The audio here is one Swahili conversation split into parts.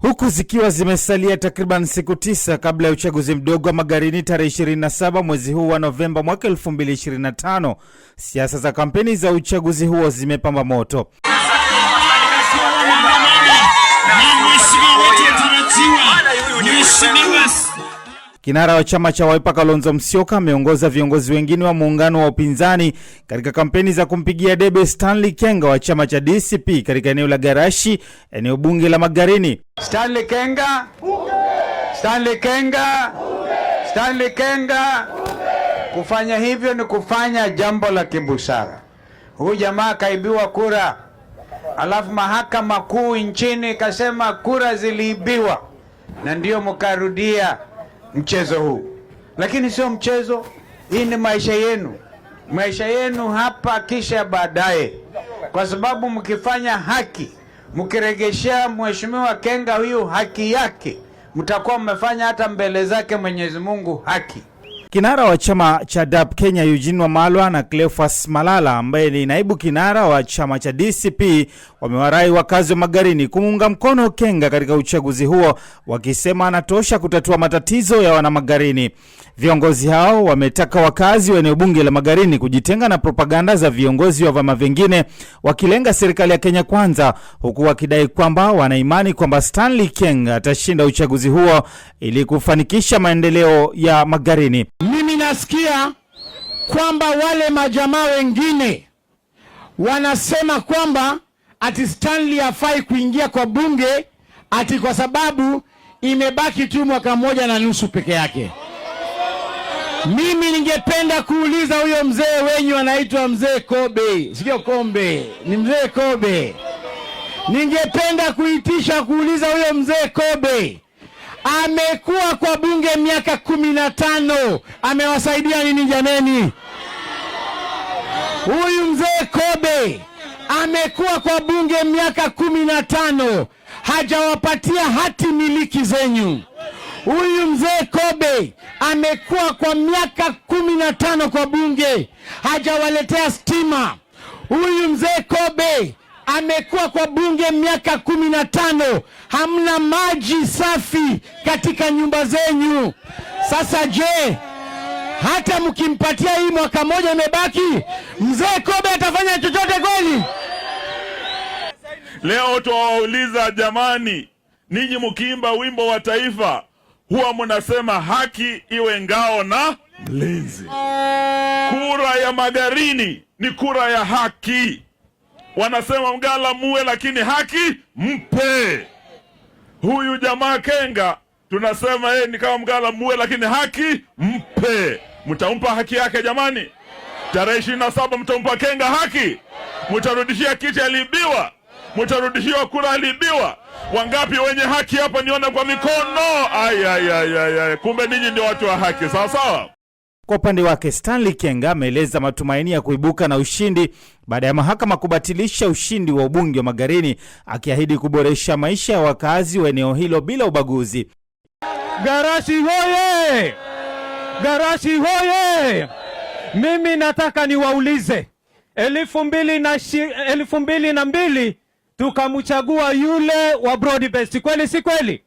huku zikiwa zimesalia takriban siku tisa kabla ya uchaguzi mdogo wa Magarini tarehe 27 mwezi huu wa Novemba mwaka 2025, siasa za kampeni za uchaguzi huo zimepamba moto. Kinara wa chama cha Wiper Kalonzo Musyoka ameongoza viongozi wengine wa muungano wa upinzani katika kampeni za kumpigia debe Stanley Kenga wa chama cha DCP katika eneo la Garashi, eneo bunge la Magarini. Stanley Kenga, Stanley Kenga, Stanley Kenga. Kufanya hivyo ni kufanya jambo la kibusara. Huyu jamaa akaibiwa kura, alafu mahakama kuu nchini ikasema kura ziliibiwa, na ndio mkarudia mchezo huu, lakini sio mchezo. Hii ni maisha yenu, maisha yenu hapa, kisha baadaye, kwa sababu mkifanya haki, mkiregeshea mheshimiwa Kenga huyu haki yake, mtakuwa mmefanya hata mbele zake Mwenyezi Mungu haki. Kinara wa chama cha DAP Kenya Eugene Wamalwa na Cleophas Malala ambaye ni naibu kinara wa chama cha DCP wamewarai wakazi wa Magarini kumuunga mkono kenga katika uchaguzi huo, wakisema anatosha kutatua matatizo ya Wanamagarini. Viongozi hao wametaka wakazi wa eneo bunge la Magarini kujitenga na propaganda za viongozi wa vyama vingine, wakilenga serikali ya Kenya Kwanza, huku wakidai kwamba wanaimani kwamba Stanley Kenga atashinda uchaguzi huo ili kufanikisha maendeleo ya Magarini. Mimi nasikia kwamba wale majamaa wengine wanasema kwamba ati Stanley hafai kuingia kwa bunge ati kwa sababu imebaki tu mwaka mmoja na nusu peke yake. Mimi ningependa kuuliza huyo mzee wenyu anaitwa mzee Kobe, sio Kombe, ni mzee Kobe. Ningependa kuitisha kuuliza huyo mzee Kobe amekuwa kwa bunge miaka kumi na tano amewasaidia nini jameni? Huyu mzee Kobe amekuwa kwa bunge miaka kumi na tano hajawapatia hati miliki zenyu. Huyu mzee Kobe amekuwa kwa miaka kumi na tano kwa bunge hajawaletea stima. Huyu mzee Kobe amekuwa kwa bunge miaka kumi na tano, hamna maji safi katika nyumba zenyu. Sasa je, hata mkimpatia hii mwaka mmoja imebaki, mzee Kobe atafanya chochote kweli? Leo tuwauliza jamani, ninyi mkiimba wimbo wa taifa huwa mnasema haki iwe ngao na mlinzi. Kura ya Magarini ni kura ya haki wanasema mgala muwe, lakini haki mpe. Huyu jamaa Kenga tunasema yeye ni kama mgala muwe, lakini haki mpe. Mtampa haki yake jamani. Tarehe ishirini na saba mtampa Kenga haki, mtarudishia kiti aliibiwa, mtarudishiwa kura aliibiwa. Wangapi wenye haki hapa? Nione kwa mikono. Ay, ay, ay, ay, ay. Kumbe ninyi ndio watu wa haki, sawasawa. Kwa upande wake Stanley Kenga ameeleza matumaini ya kuibuka na ushindi baada ya mahakama kubatilisha ushindi wa ubunge wa Magarini, akiahidi kuboresha maisha ya wakazi wa eneo hilo bila ubaguzi. Garashi hoye! Garashi hoye! Mimi nataka niwaulize, elfu mbili na, elfu mbili na mbili tukamchagua yule wa Broadbest, kweli si kweli?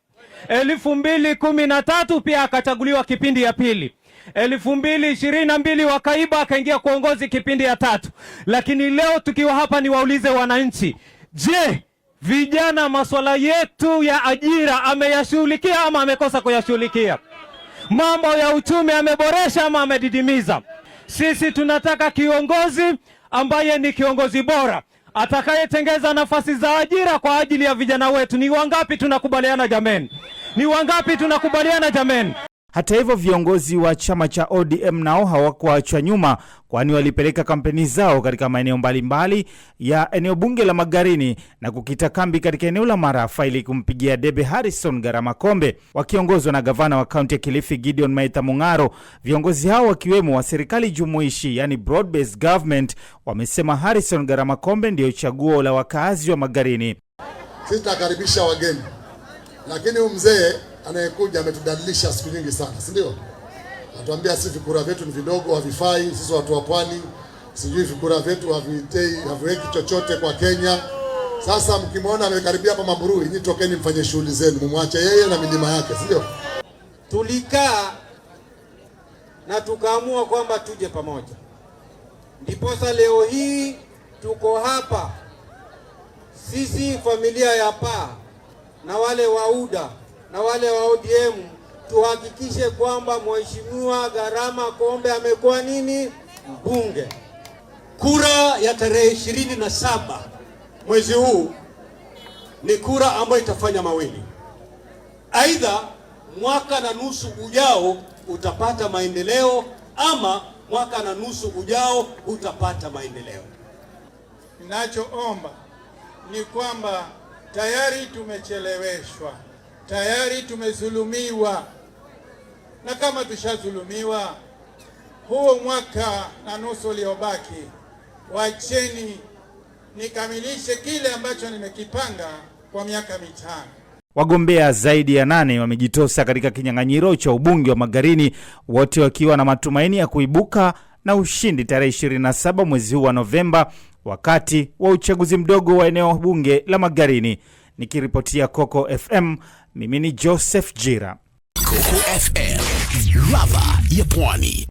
elfu mbili kumi na tatu pia akachaguliwa kipindi ya pili elfu mbili ishirini na mbili wakaiba akaingia kuongozi kipindi ya tatu. Lakini leo tukiwa hapa, niwaulize wananchi, je, vijana masuala yetu ya ajira ameyashughulikia ama amekosa kuyashughulikia? Mambo ya uchumi ameboresha ama amedidimiza? Sisi tunataka kiongozi ambaye ni kiongozi bora, atakayetengeza nafasi za ajira kwa ajili ya vijana wetu. Ni wangapi tunakubaliana jameni? Ni wangapi tunakubaliana jameni? Hata hivyo viongozi wa chama cha ODM nao hawakuachwa nyuma, kwani walipeleka kampeni zao katika maeneo mbalimbali ya eneo bunge la Magarini na kukita kambi katika eneo la Marafa ili kumpigia debe Harrison Garama Kombe. Wakiongozwa na gavana wa kaunti ya Kilifi Gideon Maitha Mung'aro, viongozi hao wakiwemo wa serikali jumuishi, yani broad based government, wamesema Harrison Garama Kombe ndiyo chaguo la wakaazi wa Magarini. Sitakaribisha wageni, lakini mzee anayekuja ametudalilisha siku nyingi sana, si ndio? Anatuambia sisi vikura vyetu ni vidogo, havifai. Sisi watu wa pwani, sijui vikura vyetu havitei, haviweki chochote kwa Kenya. Sasa mkimwona amekaribia hapa Mamburui, nyinyi tokeni mfanye shughuli zenu, mumwache yeye na milima yake, si ndio? Tulikaa na tukaamua kwamba tuje pamoja, ndiposa leo hii tuko hapa sisi familia ya paa na wale wauda na wale wa ODM tuhakikishe kwamba mheshimiwa Gharama Kombe amekuwa nini mbunge. Kura ya tarehe ishirini na saba mwezi huu ni kura ambayo itafanya mawili. Aidha, mwaka na nusu ujao utapata maendeleo ama mwaka na nusu ujao utapata maendeleo. Ninachoomba ni kwamba tayari tumecheleweshwa tayari tumezulumiwa, na kama tushazulumiwa, huo mwaka na nusu uliobaki, wacheni nikamilishe kile ambacho nimekipanga kwa miaka mitano. Wagombea zaidi ya nane wamejitosa katika kinyang'anyiro cha ubunge wa Magarini, wote wakiwa na matumaini ya kuibuka na ushindi tarehe 27 mwezi huu wa Novemba, wakati wa uchaguzi mdogo wa eneo bunge la Magarini. Nikiripotia Coco FM mimi ni Joseph Jira, Coco FM, ladha ya Pwani.